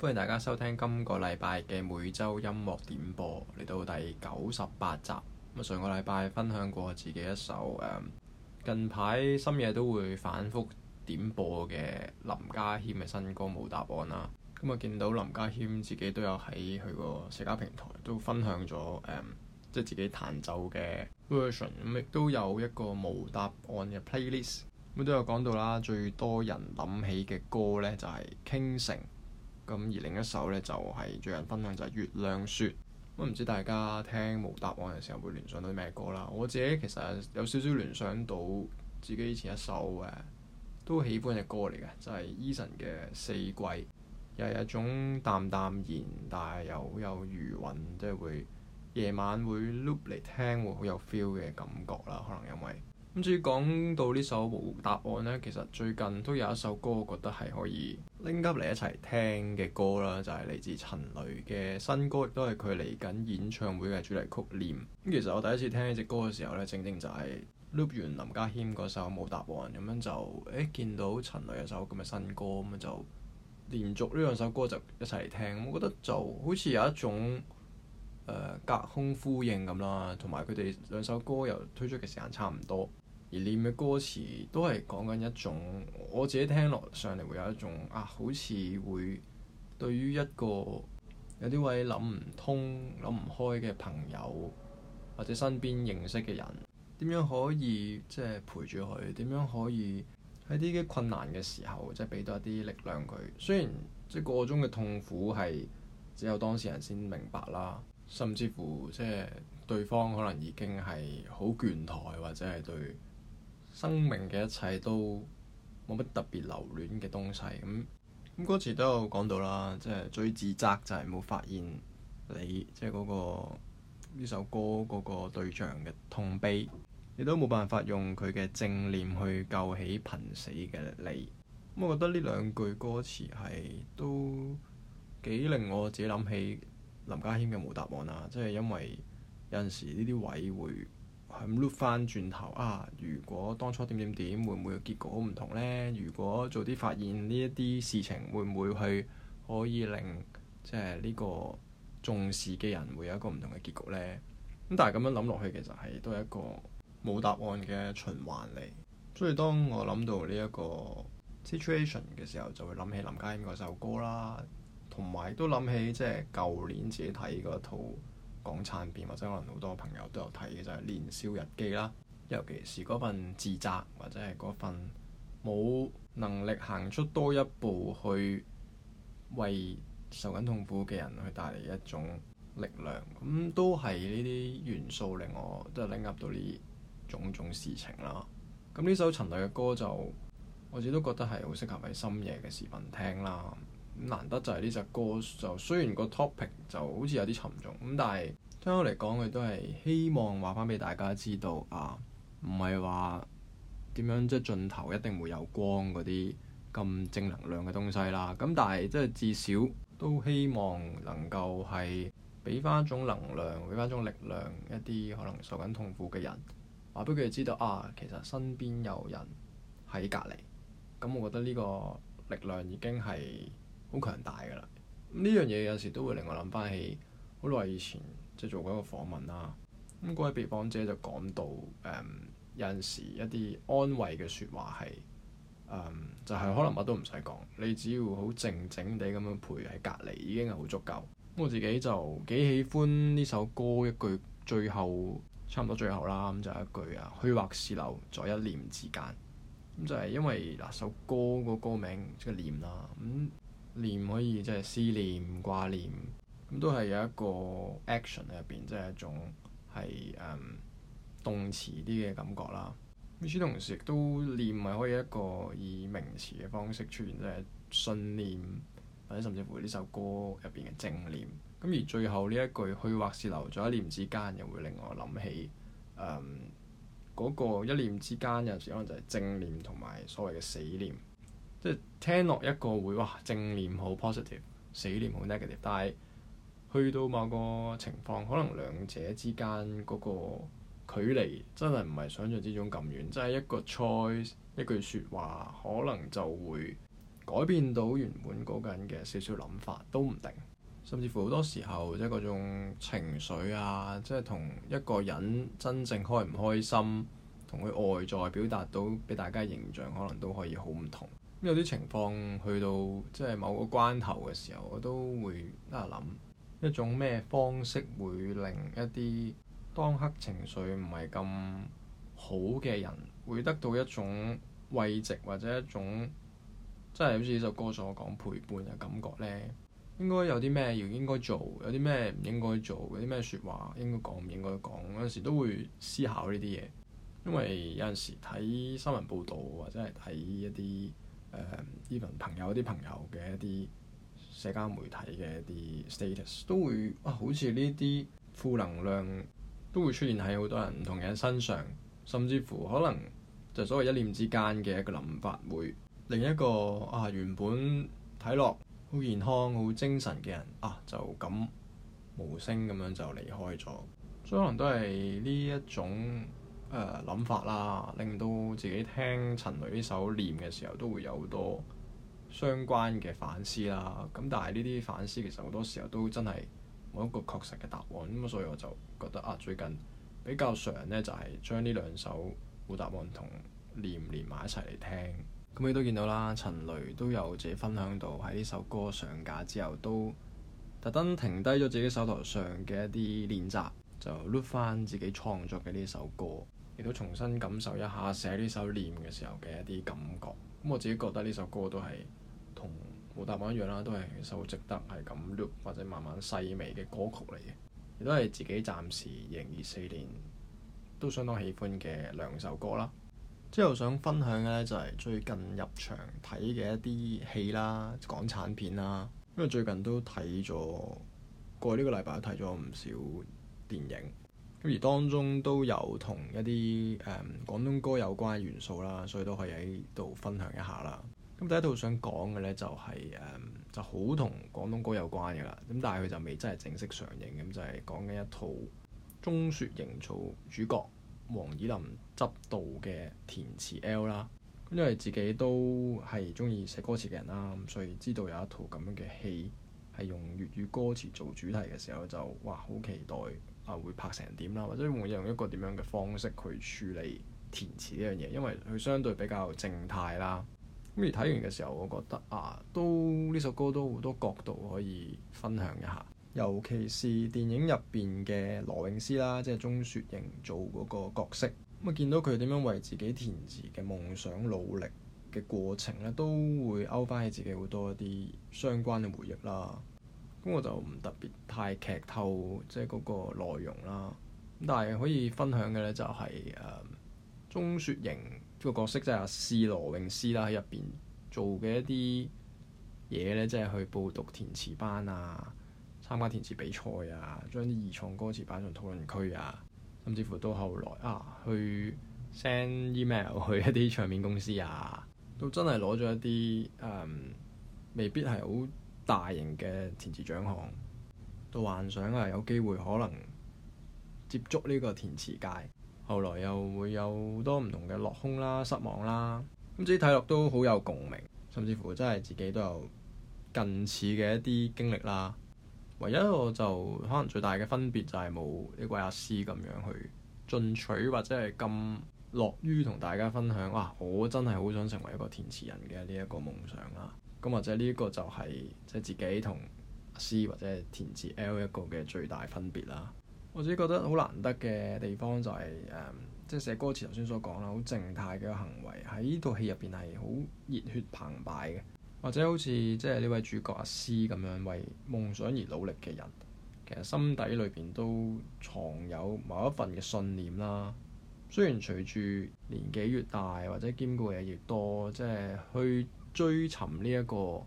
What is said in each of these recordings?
歡迎大家收聽今個禮拜嘅每周音樂點播，嚟到第九十八集。咁、嗯、上個禮拜分享過自己一首、嗯、近排深夜都會反覆點播嘅林家謙嘅新歌《無答案》啦。咁啊，見到林家謙自己都有喺佢個社交平台都分享咗、嗯、即係自己彈奏嘅 version。咁亦都有一個《無答案》嘅 playlist。咁、嗯、都有講到啦，最多人諗起嘅歌呢，就係、是《傾城》。咁而另一首呢，就係最近分享就係《月亮雪》咁，唔知大家聽冇答案嘅時候會聯想到咩歌啦？我自己其實有少少聯想到自己以前一首誒都喜歡嘅歌嚟嘅，就係、是、Eason 嘅《四季》，又係一種淡淡然但係又好有餘韻，即係會夜晚會 loop 嚟聽，會好有 feel 嘅感覺啦。可能因為咁至於講到呢首《答案》呢，其實最近都有一首歌，我覺得係可以拎急嚟一齊聽嘅歌啦，就係、是、嚟自陳蕾嘅新歌，亦都係佢嚟緊演唱會嘅主題曲《念》。咁其實我第一次聽呢隻歌嘅時候呢，正正就係 Loop 完林家謙嗰首《冇答案》咁樣就，誒、欸、見到陳蕾有首咁嘅新歌咁啊，樣就連續呢兩首歌就一齊聽，我覺得就好似有一種、呃、隔空呼應咁啦，同埋佢哋兩首歌又推出嘅時間差唔多。而《念》嘅歌詞都係講緊一種我自己聽落上嚟會有一種啊，好似會對於一個有啲位諗唔通、諗唔開嘅朋友或者身邊認識嘅人，點樣可以即係陪住佢？點樣可以喺啲嘅困難嘅時候即係俾多一啲力量佢？雖然即係個中嘅痛苦係只有當事人先明白啦，甚至乎即係對方可能已經係好倦怠，或者係對。生命嘅一切都冇乜特別留戀嘅東西，咁咁歌詞都有講到啦，即係最自責就係冇發現你，即係嗰個呢首歌嗰個對象嘅痛悲，亦都冇辦法用佢嘅正念去救起瀕死嘅你。咁我覺得呢兩句歌詞係都幾令我自己諗起林家謙嘅冇答案啦，即係因為有陣時呢啲位會。係咁返轉頭啊，如果當初點點點，會唔會結果好唔同呢？如果做啲發現呢一啲事情，會唔會去可以令即係呢個重視嘅人會有一個唔同嘅結局呢？咁但係咁樣諗落去，就是，其實係都係一個冇答案嘅循環嚟。所以當我諗到呢一個 situation 嘅時候，就會諗起林嘉欣嗰首歌啦，同埋都諗起即係舊年自己睇嗰套。港產片或者可能好多朋友都有睇嘅就係、是《年少日記》啦，尤其是嗰份自責或者係嗰份冇能力行出多一步去為受緊痛苦嘅人去帶嚟一種力量，咁、嗯、都係呢啲元素令我都拎入到呢種種事情啦。咁呢首陳蕾嘅歌就我自己都覺得係好適合喺深夜嘅時分聽啦。難得就係呢隻歌，就雖然個 topic 就好似有啲沉重咁，但係聽我嚟講，佢都係希望話翻俾大家知道啊，唔係話點樣即係盡頭一定會有光嗰啲咁正能量嘅東西啦。咁但係即係至少都希望能夠係俾翻一種能量，俾翻一種力量一啲可能受緊痛苦嘅人，話俾佢哋知道啊，其實身邊有人喺隔離。咁我覺得呢個力量已經係～好強大㗎啦！呢樣嘢有時都會令我諗翻起好耐以前即係、就是、做過一個訪問啦。咁嗰位被訪者就講到誒、嗯、有時一啲安慰嘅説話係、嗯、就係、是、可能乜都唔使講，你只要好靜靜地咁樣陪喺隔離已經係好足夠。我自己就幾喜歡呢首歌一句，最後差唔多最後啦，咁就係、是、一句啊，去或是留在一念之間，咁就係、是、因為嗱首歌個歌名即係、就是、念啦咁。嗯念可以即係、就是、思念、掛念，咁都係有一個 action 喺入邊，即、就、係、是、一種係誒、um, 動詞啲嘅感覺啦。與此同時，亦都念咪可以一個以名詞嘅方式出現，即、就、係、是、信念，或者甚至乎呢首歌入邊嘅正念。咁而最後呢一句，去或是留，在一念之間，又會令我諗起誒嗰、um, 個一念之間，有時可能就係正念同埋所謂嘅死念。即係聽落一個會哇，正念好 positive，死念好 negative。但係去到某個情況，可能兩者之間嗰個距離真係唔係想像之中咁遠。即係一個 choice，一句説話，可能就會改變到原本嗰個人嘅少少諗法，都唔定。甚至乎好多時候，即係嗰種情緒啊，即係同一個人真正開唔開心，同佢外在表達到俾大家嘅形象，可能都可以好唔同。有啲情況去到即係某個關頭嘅時候，我都會啊諗一種咩方式會令一啲當刻情緒唔係咁好嘅人會得到一種慰藉，或者一種即係好似呢首歌所講陪伴嘅感覺呢？應該有啲咩要應該做，有啲咩唔應該做，有啲咩説話應該講唔應該講，有陣時都會思考呢啲嘢。因為有陣時睇新聞報導或者係睇一啲。誒，依輪、嗯、朋友啲朋友嘅一啲社交媒體嘅一啲 status 都會啊，好似呢啲負能量都會出現喺好多人唔同嘢身上，甚至乎可能就所謂一念之間嘅一個諗法會，會另一個啊原本睇落好健康、好精神嘅人啊，就咁無聲咁樣就離開咗，所以可能都係呢一種。誒諗、呃、法啦，令到自己聽陳蕾呢首念嘅時候，都會有好多相關嘅反思啦。咁但係呢啲反思其實好多時候都真係冇一個確實嘅答案。咁所以我就覺得啊，最近比較常咧就係將呢兩首冇答案同念連埋一齊嚟聽。咁、嗯、你都見到啦，陳蕾都有自己分享到喺呢首歌上架之後，都特登停低咗自己手頭上嘅一啲練習，就 look 翻自己創作嘅呢首歌。亦都重新感受一下寫呢首念嘅時候嘅一啲感覺，咁我自己覺得呢首歌都係同《武大郎》一樣啦，都係一首值得係咁 loop 或者慢慢細味嘅歌曲嚟嘅。亦都係自己暫時二零二四年都相當喜歡嘅兩首歌啦。之後想分享嘅呢，就係最近入場睇嘅一啲戲啦、港產片啦，因為最近都睇咗過去呢個禮拜都睇咗唔少電影。咁而當中都有同一啲誒、嗯、廣東歌有關嘅元素啦，所以都可以喺度分享一下啦。咁第一套想講嘅呢，就係誒就好同廣東歌有關嘅啦。咁但係佢就未真係正式上映，咁就係講緊一套鍾雪瑩做主角、黃綺琳執導嘅填詞 L 啦。因為自己都係鍾意寫歌詞嘅人啦，咁所以知道有一套咁樣嘅戲係用粵語歌詞做主題嘅時候就，就哇好期待！啊，會拍成點啦，或者會用一個點樣嘅方式去處理填詞呢樣嘢，因為佢相對比較靜態啦。咁你睇完嘅時候，我覺得啊，都呢首歌都好多角度可以分享一下，尤其是電影入邊嘅羅穎詩啦，即係鐘雪瑩做嗰個角色，咁啊見到佢點樣為自己填詞嘅夢想努力嘅過程咧，都會勾翻起自己好多一啲相關嘅回憶啦。咁我就唔特別太劇透，即係嗰個內容啦。咁但係可以分享嘅咧、就是，就係誒鍾雪瑩個角色即係阿試羅永詩啦，喺入邊做嘅一啲嘢咧，即係去報讀填詞班啊，參加填詞比賽啊，將啲二創歌詞擺上討論區啊，甚至乎到後來啊，去 send email 去一啲唱片公司啊，都真係攞咗一啲誒、嗯，未必係好。大型嘅填詞獎項，都幻想係有機會可能接觸呢個填詞界，後來又會有多唔同嘅落空啦、失望啦。咁、嗯、自己睇落都好有共鳴，甚至乎真係自己都有近似嘅一啲經歷啦。唯一我就可能最大嘅分別就係冇呢個阿詩咁樣去進取或者係咁樂於同大家分享。哇！我真係好想成為一個填詞人嘅呢一個夢想啦～咁或者呢一個就係即係自己同阿詩或者填詞 L 一個嘅最大分別啦。我自己覺得好難得嘅地方就係、是、誒，即、嗯、係、就是、寫歌詞頭先所講啦，好靜態嘅一個行為喺呢套戲入邊係好熱血澎湃嘅。或者好似即係呢位主角阿詩咁樣為夢想而努力嘅人，其實心底裏邊都藏有某一份嘅信念啦。雖然隨住年紀越大或者兼顧嘢越多，即、就、係、是、去。追尋呢一個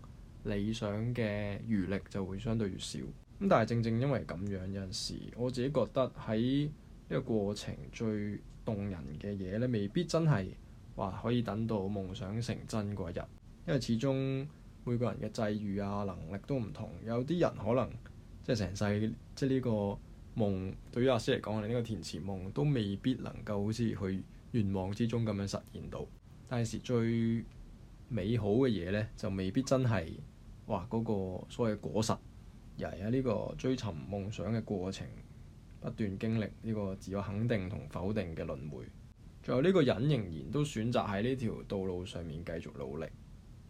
理想嘅餘力就會相對越少。咁但係正正因為咁樣，有陣時我自己覺得喺呢個過程最動人嘅嘢咧，未必真係話可以等到夢想成真嗰日。因為始終每個人嘅際遇啊、能力都唔同，有啲人可能即係成世即係呢個夢，對於阿師嚟講，我哋呢個填詞夢都未必能夠好似去願望之中咁樣實現到。有陣時最美好嘅嘢呢，就未必真係哇！嗰個所謂果實，而係喺呢個追尋夢想嘅過程，不斷經歷呢個自我肯定同否定嘅輪迴，最後呢個人仍然都選擇喺呢條道路上面繼續努力，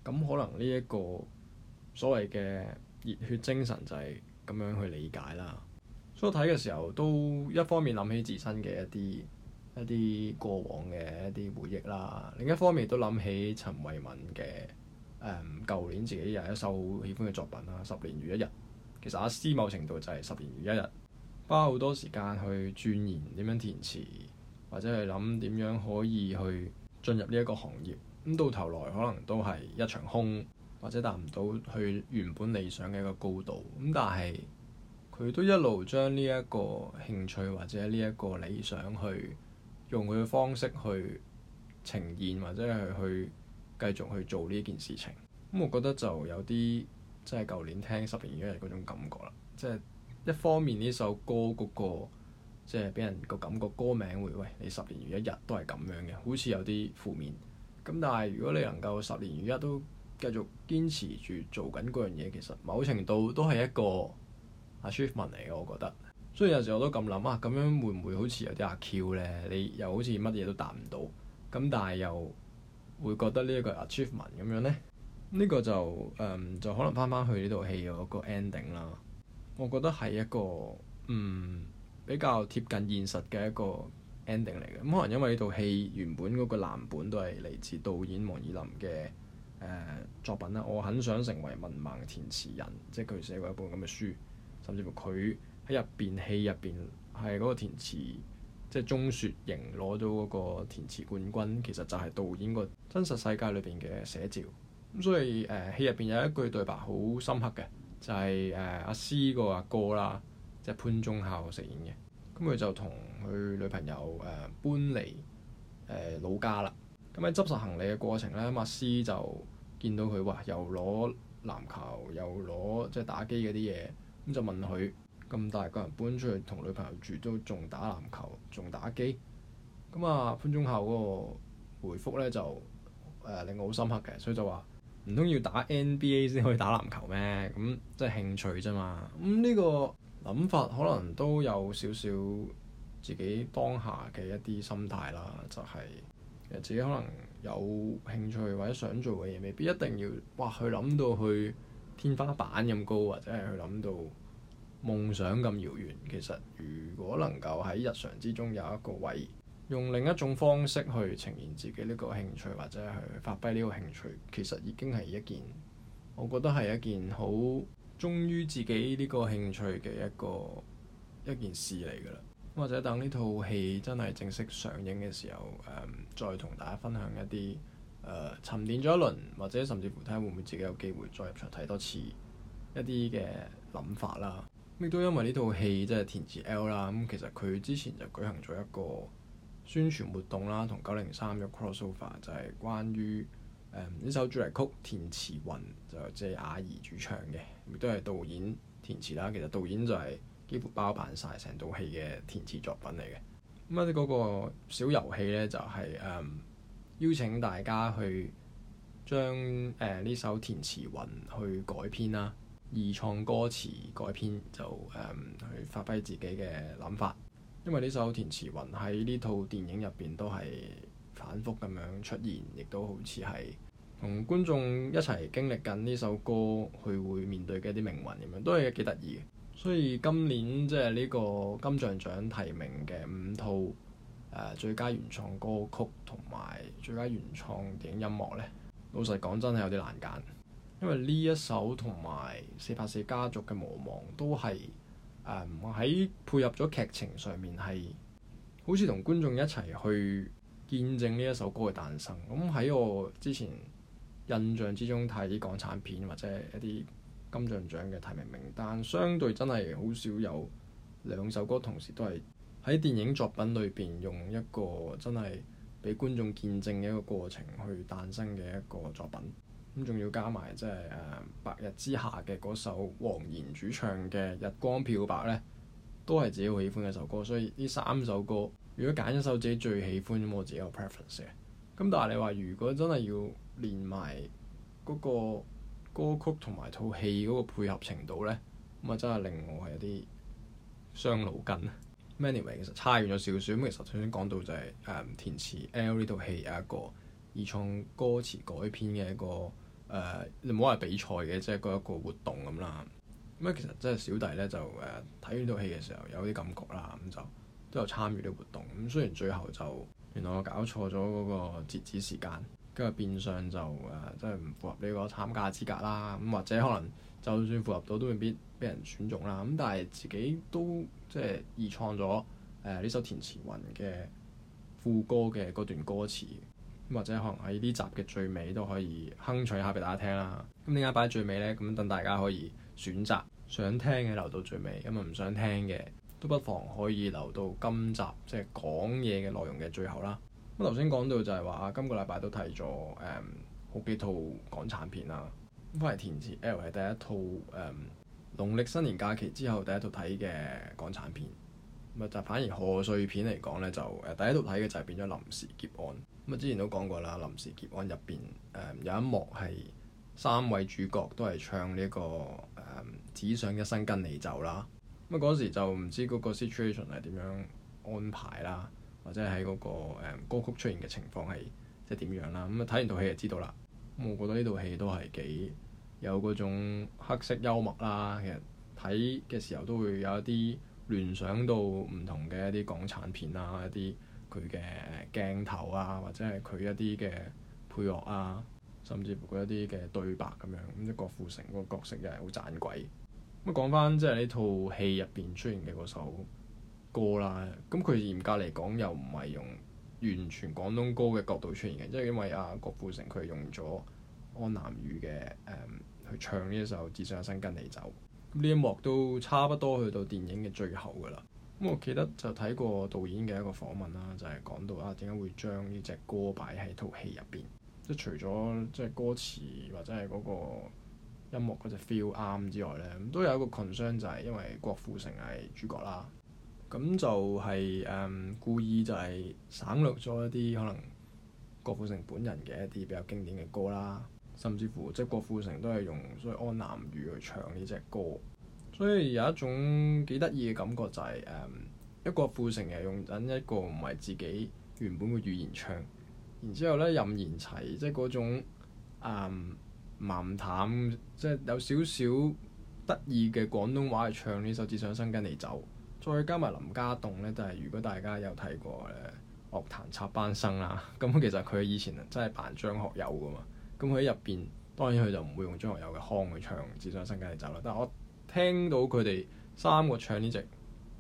咁可能呢一個所謂嘅熱血精神就係咁樣去理解啦。所以我睇嘅時候都一方面諗起自身嘅一啲。一啲過往嘅一啲回憶啦，另一方面都諗起陳慧敏嘅、誒，舊年自己有一首好喜歡嘅作品啦，《十年如一日》。其實阿思某程度就係十年如一日，花好多時間去鑽研點樣填詞，或者係諗點樣可以去進入呢一個行業。咁到頭來可能都係一場空，或者達唔到去原本理想嘅一個高度。咁但係佢都一路將呢一個興趣或者呢一個理想去，用佢嘅方式去呈現，或者係去繼續去做呢件事情。咁、嗯、我覺得就有啲即係舊年聽《十年如一日》嗰種感覺啦。即係一方面呢首歌嗰、嗰個即係俾人個感覺，歌名會喂，你十年如一日都係咁樣嘅，好似有啲負面。咁但係如果你能夠十年如一都繼續堅持住做緊嗰樣嘢，其實某程度都係一個 achievement 嚟嘅，我覺得。所以有時候我都咁諗啊，咁樣會唔會好似有啲阿 Q 咧？你又好似乜嘢都答唔到，咁但係又會覺得呢一個 achievement 咁樣呢？呢、呢個就誒、嗯、就可能翻翻去呢套戲嗰個 ending 啦。我覺得係一個，嗯，比較貼近現實嘅一個 ending 嚟嘅咁。可能因為呢套戲原本嗰個藍本都係嚟自導演黃綺琳嘅誒作品啦。我很想成為文盲填詞人，即係佢寫過一本咁嘅書，甚至乎佢。喺入邊戲入邊，係嗰個填詞，即係鐘雪瑩攞咗嗰個填詞冠軍。其實就係導演個真實世界裏邊嘅寫照。咁所以誒、呃，戲入邊有一句對白好深刻嘅，就係誒阿詩個阿哥啦，即係潘宗孝飾演嘅。咁佢就同佢女朋友誒、呃、搬嚟誒、呃、老家啦。咁喺執拾行李嘅過程咧，阿、啊、詩就見到佢哇，又攞籃球，又攞即係打機嗰啲嘢，咁就問佢。咁大個人搬出去同女朋友住都仲打籃球，仲打機。咁啊潘忠孝嗰個回覆呢，就誒、呃、令我好深刻嘅，所以就話唔通要打 NBA 先可以打籃球咩？咁即係興趣啫嘛。咁呢個諗法可能都有少少自己當下嘅一啲心態啦，就係、是、自己可能有興趣或者想做嘅嘢未必一定要哇去諗到去天花板咁高，或者係去諗到。夢想咁遙遠，其實如果能夠喺日常之中有一個位，用另一種方式去呈現自己呢個興趣，或者去發揮呢個興趣，其實已經係一件我覺得係一件好忠於自己呢個興趣嘅一個一件事嚟㗎啦。或者等呢套戲真係正式上映嘅時候，嗯、再同大家分享一啲、呃、沉澱咗一輪，或者甚至乎睇下會唔會自己有機會再入場睇多次一啲嘅諗法啦。亦都因為呢套戲即係填詞 L 啦，咁其實佢之前就舉行咗一個宣傳活動啦，同九零三嘅 crossover 就係關於誒呢、嗯、首主題曲填詞雲就係謝亞怡主唱嘅，亦都係導演填詞啦。其實導演就係幾乎包辦晒成套戲嘅填詞作品嚟嘅。咁一啲嗰個小遊戲呢，就係、是、誒、嗯、邀請大家去將誒呢、嗯、首填詞雲去改編啦。二創歌詞改編就誒、嗯、去發揮自己嘅諗法，因為呢首填詞魂喺呢套電影入邊都係反覆咁樣出現，亦都好似係同觀眾一齊經歷緊呢首歌，佢會面對嘅一啲命運咁樣，都係幾得意嘅。所以今年即係呢個金像獎提名嘅五套誒、呃、最佳原創歌曲同埋最佳原創電影音樂呢，老實講真係有啲難揀。因為呢一首同埋《四百四家族》嘅《無望》都係誒、喺配合咗劇情上面，係好似同觀眾一齊去見證呢一首歌嘅誕生。咁喺我之前印象之中睇啲港產片或者一啲金像獎嘅提名名單，相對真係好少有兩首歌同時都係喺電影作品裏邊用一個真係俾觀眾見證嘅一個過程去誕生嘅一個作品。咁仲要加埋即係誒白日之下嘅嗰首黃妍主唱嘅《日光漂白》咧，都係自己好喜歡嘅一首歌。所以呢三首歌，如果揀一首自己最喜歡咁，我自己有 preference 嘅。咁但係你話如果真係要連埋嗰個歌曲同埋套戲嗰個配合程度咧，咁啊，真係令我係有啲傷腦筋。Anyway 其實差遠咗少少。咁其實頭先講到就係、是、誒、嗯、填詞 L 呢套戲有一個二創歌詞改編嘅一個。誒你唔好話比賽嘅，即係嗰一個活動咁啦。咁啊，其實即係小弟咧就誒睇、呃、完套戲嘅時候有啲感覺啦，咁、嗯、就都有參與啲活動。咁、嗯、雖然最後就原來我搞錯咗嗰個截止時間，跟住變相就誒、呃、即係唔符合呢個參加資格啦。咁、嗯、或者可能就算符合到都未必俾人選中啦。咁、嗯、但係自己都即係二創咗誒呢首填詞 L 嘅副歌嘅嗰段歌詞。或者可能喺呢集嘅最尾都可以哼唱下俾大家聽啦。咁點解擺喺最尾呢？咁等大家可以選擇想聽嘅留到最尾，咁啊唔想聽嘅都不妨可以留到今集即係講嘢嘅內容嘅最後啦。咁頭先講到就係話啊，今個禮拜都睇咗、嗯、好幾套港產片啦。咁翻嚟填詞 L 係第一套誒、嗯、農曆新年假期之後第一套睇嘅港產片。咁就反而賀歲片嚟講咧，就誒第一套睇嘅就係變咗《臨時劫案》嗯。咁啊，之前都講過啦，《臨時劫案》入邊誒有一幕係三位主角都係唱呢、呢個誒只想一生跟你走啦。咁啊嗰時就唔知嗰個 situation 係點樣安排啦，或者係喺嗰個、嗯、歌曲出現嘅情況係即係點樣啦。咁啊睇完套戲就知道啦。咁、嗯、我覺得呢套戲都係幾有嗰種黑色幽默啦。其實睇嘅時候都會有一啲聯想到唔同嘅一啲港產片啊，一啲佢嘅鏡頭啊，或者係佢一啲嘅配樂啊，甚至乎一啲嘅對白咁樣。咁啲郭富城個角色又係好盞鬼。咁講翻即係呢套戲入邊出現嘅嗰首歌啦，咁佢嚴格嚟講又唔係用完全廣東歌嘅角度出現嘅，即係因為啊郭富城佢係用咗安南語嘅誒去唱呢一首《只想一生跟你走》。呢一幕都差不多去到電影嘅最後㗎啦。咁我記得就睇過導演嘅一個訪問啦、啊，就係、是、講到啊點解會將呢隻歌擺喺套戲入邊，即係除咗即係歌詞或者係嗰個音樂嗰隻 feel 啱之外咧，都有一個 concern 就係因為郭富城係主角啦，咁就係、是、誒、um, 故意就係省略咗一啲可能郭富城本人嘅一啲比較經典嘅歌啦。甚至乎，即、就、係、是、郭富城都係用所謂安南語去唱呢隻歌，所以有一種幾得意嘅感覺就係、是、誒、嗯、一個郭富城係用緊一個唔係自己原本嘅語言唱。然之後咧，任賢齊即係嗰種誒慢、嗯、淡，即、就、係、是、有少少得意嘅廣東話去唱呢首《只想跟你走》。再加埋林家棟咧，就係、是、如果大家有睇過咧《樂壇插班生》啦，咁其實佢以前真係扮張學友㗎嘛。咁佢喺入邊，當然佢就唔會用張學友嘅腔去唱《只想一生跟你走》啦。但係我聽到佢哋三個唱呢隻《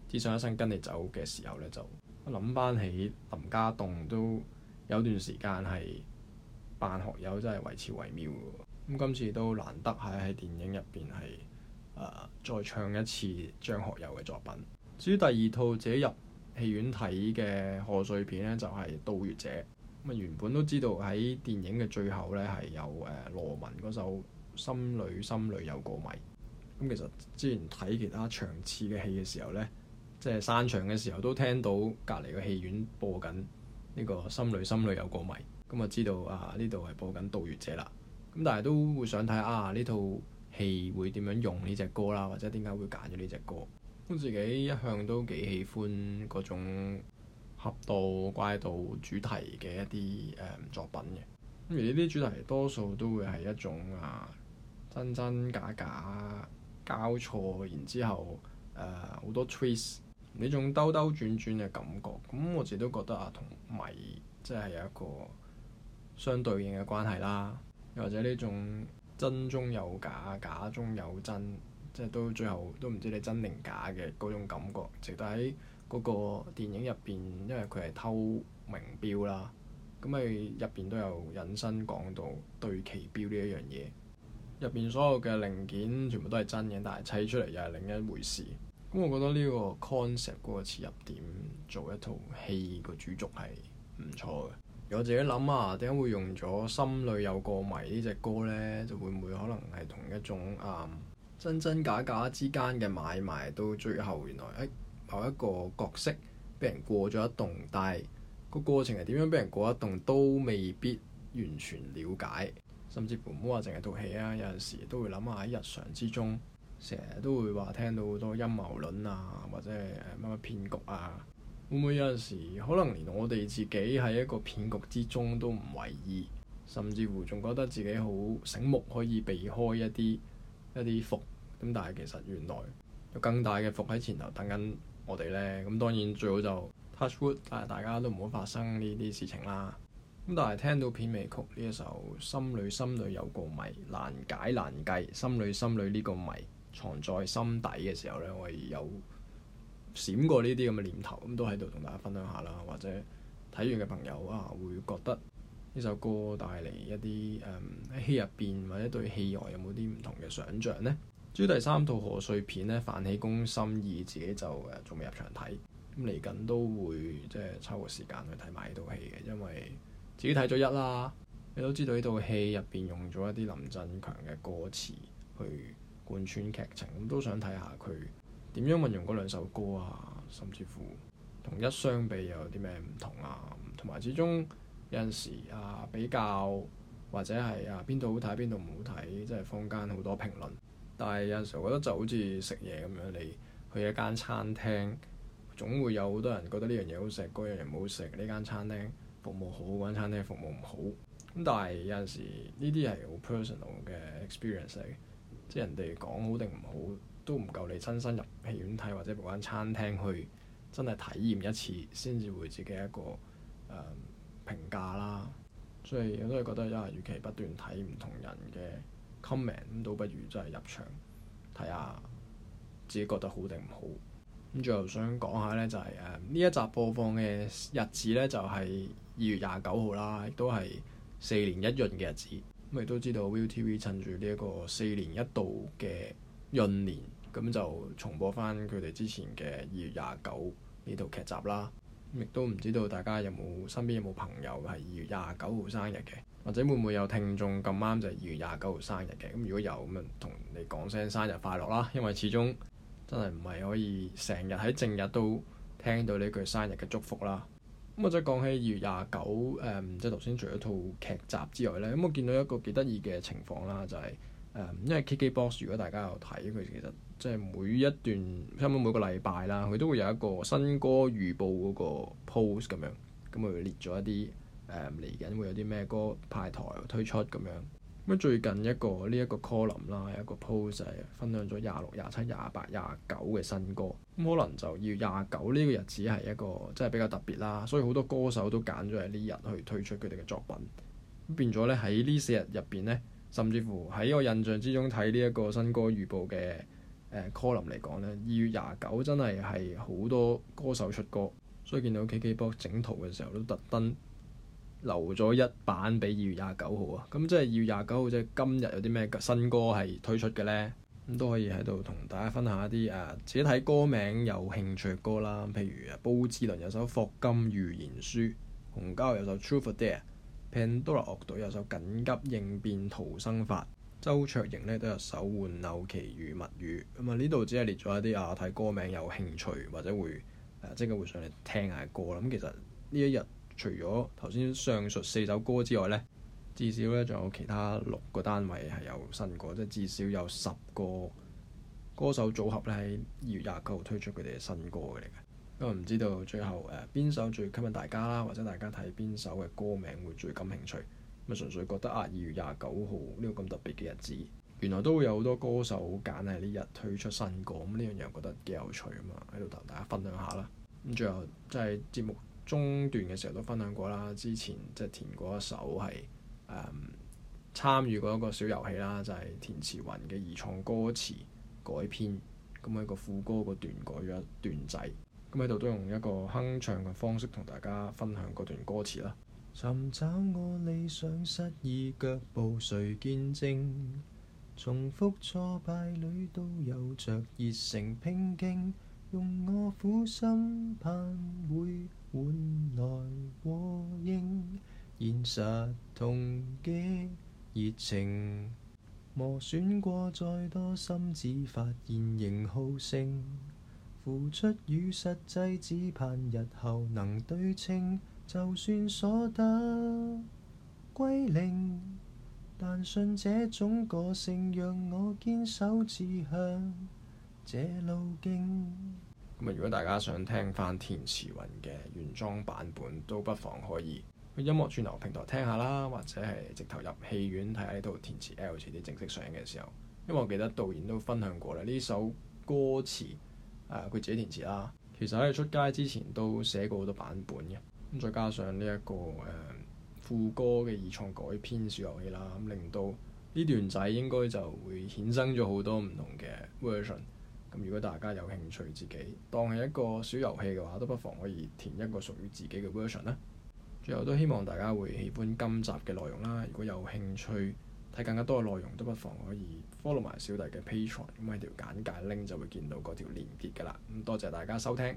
只想一生跟你走》嘅時候呢，就諗翻起林家棟都有段時間係扮學友，真係維肖維妙嘅。咁今次都難得喺喺電影入邊係誒再唱一次張學友嘅作品。至於第二套自己入戲院睇嘅賀歲片呢，就係、是《盜月者》。原本都知道喺電影嘅最後呢，係有誒、呃、羅文嗰首《心裏心裏有個謎》。咁、嗯、其實之前睇其他場次嘅戲嘅時候呢，即係散場嘅時候都聽到隔離個戲院播緊呢、這個《心裏心裏有個謎》。咁、嗯、啊知道啊呢度係播緊《盜月者》啦。咁、嗯、但係都會想睇啊呢套戲會點樣用呢隻歌啦，或者點解會揀咗呢隻歌？咁、嗯、自己一向都幾喜歡嗰種。合到怪到主題嘅一啲誒、呃、作品嘅，咁而呢啲主題多數都會係一種啊真真假假交錯，然之後誒好、呃、多 twist 呢種兜兜轉轉嘅感覺，咁我自己都覺得啊同謎即係有一個相對應嘅關係啦，又或者呢種真中有假，假中有真，即係都最後都唔知你真定假嘅嗰種感覺，值得喺～嗰個電影入邊，因為佢係偷名錶啦，咁咪入邊都有隱身講到對其錶呢一樣嘢。入邊所有嘅零件全部都係真嘅，但係砌出嚟又係另一回事。咁我覺得呢個 concept 嗰個切入點做一套戲個主軸係唔錯嘅。我自己諗下點解會用咗心裏有個謎呢隻歌呢，就會唔會可能係同一種啊、嗯、真真假假之間嘅買賣，到最後原來、欸有一個角色俾人過咗一動，但係個過程係點樣俾人過一動，都未必完全了解。甚至乎唔好話淨係套戲啊，有陣時都會諗下喺日常之中，成日都會話聽到好多陰謀論啊，或者係乜乜騙局啊。會唔會有陣時可能連我哋自己喺一個騙局之中都唔為意，甚至乎仲覺得自己好醒目，可以避開一啲一啲伏。咁但係其實原來有更大嘅伏喺前頭等緊。我哋呢，咁當然最好就 touch wood，大家都唔好發生呢啲事情啦。咁但係聽到片尾曲呢一首，心裏心裏有個謎，難解難計，心裏心裏呢個謎藏在心底嘅時候呢，我有閃過呢啲咁嘅念頭，咁都喺度同大家分享下啦。或者睇完嘅朋友啊，會覺得呢首歌帶嚟一啲、嗯、喺戲入邊或者對戲外有冇啲唔同嘅想像呢？至於第三套賀歲片咧，《飯戲攻心2》，自己就誒仲未入場睇，咁嚟緊都會即係抽個時間去睇埋呢套戲嘅，因為自己睇咗一啦。你都知道呢套戲入邊用咗一啲林振強嘅歌詞去貫穿劇情，咁、嗯、都想睇下佢點樣運用嗰兩首歌啊，甚至乎同一相比又有啲咩唔同啊。同埋，始終有陣時啊，比較或者係啊邊度好睇，邊度唔好睇，即係坊間好多評論。但係有陣時候，我覺得就好似食嘢咁樣，你去一間餐廳，總會有好多人覺得呢樣嘢好食，嗰樣嘢唔好食。呢間餐廳服務好，嗰間餐廳服務唔好。咁但係有陣時，呢啲係好 personal 嘅 experience，即係人哋講好定唔好，都唔夠你親身入戲院睇或者嗰間餐廳去真係體驗一次，先至會自己一個誒、嗯、評價啦。所以我都係覺得，啊，與其不斷睇唔同人嘅，comment 咁都不如真係入場睇下自己覺得好定唔好。咁最後想講下呢、就係，就係誒呢一集播放嘅日子呢，就係、係、二月廿九號啦，亦都係四年一閏嘅日子。咁亦都知道 ViuTV 趁住呢一個四年一度嘅閏年，咁就重播返佢哋之前嘅二月廿九呢套劇集啦。亦都唔知道大家有冇身邊有冇朋友係二月廿九號生日嘅。或者會唔會有聽眾咁啱就係二月廿九號生日嘅？咁如果有咁同你講聲生日快樂啦！因為始終真係唔係可以成日喺正日都聽到呢句生日嘅祝福啦。咁我即係講起二月廿九誒，即係頭先除咗套劇集之外呢，咁、嗯、我見到一個幾得意嘅情況啦，就係、是、誒、嗯，因為 KKBOX 如果大家有睇佢，其實即係每一段差唔多每個禮拜啦，佢都會有一個新歌預報嗰個 post 咁樣，咁佢列咗一啲。誒，嚟緊會有啲咩歌派台推出咁樣，咁最近一個呢、這個、一個 column 啦，一個 post 分享咗廿六、廿七、廿八、廿九嘅新歌咁、嗯，可能就要廿九呢個日子係一個即係比較特別啦。所以好多歌手都揀咗喺呢日去推出佢哋嘅作品，變咗咧喺呢四日入邊呢，甚至乎喺我印象之中睇呢一個新歌預報嘅、呃、column 嚟講呢，二月廿九真係係好多歌手出歌，所以見到 KKBox 整圖嘅時候都特登。留咗一版俾二月廿九號啊，咁即係二月廿九號，即係今日有啲咩新歌係推出嘅呢？咁都可以喺度同大家分享一啲啊，自己睇歌名有興趣嘅歌啦。譬如啊，布志綸有首《霍金預言書》，洪嘉豪有首《True For Day》，Pandora 樂隊有首《緊急應變逃生法》，周卓瑩呢都有首《換偶奇遇物語》。咁、嗯、啊，呢度只係列咗一啲啊，睇歌名有興趣或者會、啊、即刻會上嚟聽下歌啦。咁、嗯、其實呢一日。除咗頭先上述四首歌之外呢，至少呢仲有其他六個單位係有新歌，即係至少有十個歌手組合咧喺二月廿九號推出佢哋嘅新歌嚟嘅。咁唔知道最後誒邊、呃、首最吸引大家啦，或者大家睇邊首嘅歌名會最感興趣？咁啊純粹覺得啊二月廿九號呢個咁特別嘅日子，原來都會有好多歌手揀喺呢日推出新歌，咁呢樣嘢我覺得幾有趣啊嘛，喺度同大家分享下啦。咁最後即係節目。中段嘅時候都分享過啦，之前即係填過一首係誒、嗯、參與過一個小遊戲啦，就係填詞 L 嘅二創歌詞改編，咁、嗯、喺一個副歌個段改咗一段仔，咁喺度都用一個哼唱嘅方式同大家分享嗰段歌詞啦。尋找我理想失意腳步誰見證？重複挫敗裏都有着熱誠拼勁。用我苦心盼會換來和應，現實痛擊熱情磨損過再多心，心只發現仍好勝。付出與實際只盼日後能對稱，就算所得歸零，但信這種個性讓我堅守志向。咁啊！這路徑如果大家想聽翻填詞雲嘅原裝版本，都不妨可以去音樂串流平台聽下啦，或者係直頭入戲院睇下呢套填詞 L 遲啲正式上映嘅時候。因為我記得導演都分享過啦，呢首歌詞誒佢自己填詞啦，其實喺出街之前都寫過好多版本嘅。咁再加上呢、這、一個誒、呃、副歌嘅二創改編小遊戲啦，咁令到呢段仔應該就會衍生咗好多唔同嘅 version。咁如果大家有興趣，自己當係一個小遊戲嘅話，都不妨可以填一個屬於自己嘅 version 啦。最後都希望大家會喜歡今集嘅內容啦。如果有興趣睇更加多嘅內容，都不妨可以 follow 埋小弟嘅 Patreon，咁喺條簡介拎就會見到嗰條連結嘅啦。咁多謝大家收聽。